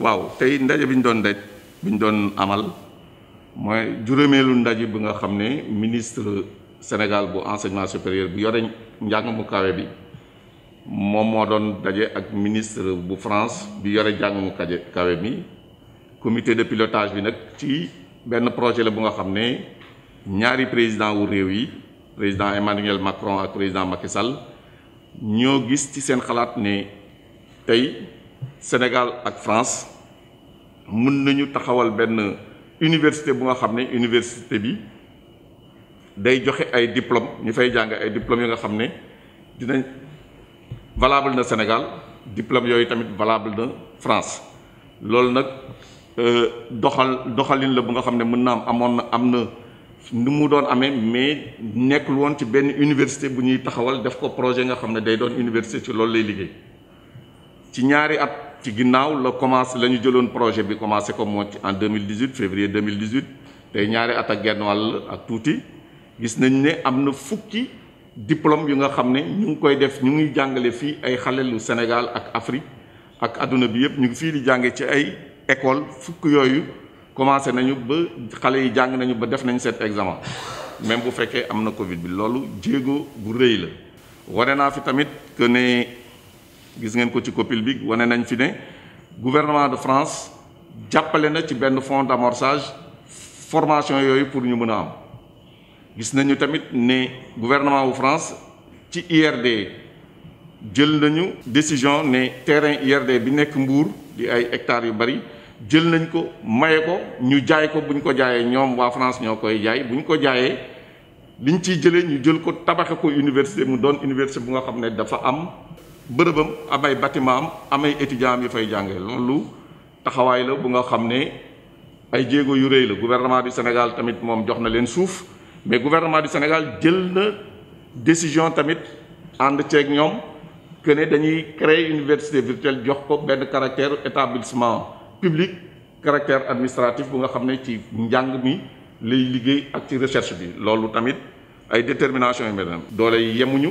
waaw tey ndaje bi ñu doon daj bi ñu doon amal mooy juróomeelu ndaje bi nga xam ne ministre Sénégal bu enseignement supérieur bi yore njàng mu kawe bi moom moo doon daje ak ministre bu France bi yore njàng mu kawe bi comité de pilotage bi nag ci benn projet la bu nga xam ne ñaari président wu réew yi président Emmanuel Macron ak président Macky Sall ñoo gis ci seen xalaat ne tey Sénégal ak France mën nañu taxawal ben université bu nga xamné université bi day joxé ay diplôme ñu fay jàng ay diplômes yi nga xamné dinañ valable na Sénégal diplôme yoy tamit valable na France nak euh doxal doxalin la bu nga xamné ne mën am amoon na am na nu mu doon amé mais nekkul won ci ben université bu ñuy taxawal def ko projet nga xamné day doon université ci lool lay liggéey ci ñaari at ci ginnaaw la commencé lañu jëlone projet bi commencé comme moi en 2018 février 2018 tey ñaari at ak genn wàll ak touti gis nañ né amna fukki diplôme yu nga xamné ñu ngi koy def ñu ngi jàngalé fi ay xalé lu Sénégal ak Afrique ak aduna bi yépp ñu ngi fi di jàngé ci ay école fukk yoyu commencé nañu ba xalé yi jàng nañu ba def nañ cet examen même bu féké amna Covid bi lolu djégo bu rëy la wane na fi tamit que né gis ngeen ko ci copil bi wane nañ fi ne gouvernement de France jàppale na ci benn fonds d'amorçage formation yooyu pour ñu mën a am gis nañu tamit ne gouvernement wu France ci IRD jël nañu décision ne terrain IRD bi nekk Mbour di ay hectares yu bari jël nañ ko maye ko ñu jaay ko buñ ko jaayee ñoom waa France ñoo koy jaay buñ ko jaayee liñ ciy jëlee ñu jël ko tabaxe ko université mu doon université bu nga xam ne dafa am bërëbam am ay bâtiment am am ay étudiants yu fay jàngee loolu taxawaay la bu nga xam ne ay jéego yu rëy la gouvernement du Sénégal tamit moom jox na leen suuf mais gouvernement du Sénégal jël na décision tamit ànd ceeg ñoom que ne dañuy créer université virtuelle jox ko benn caractère établissement public caractère administratif bu nga xam ne ci njàng mi lay liggéey ak ci recherche bi loolu tamit ay détermination yu mel doole yemuñu.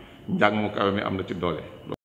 jangan muka kami amna ci dole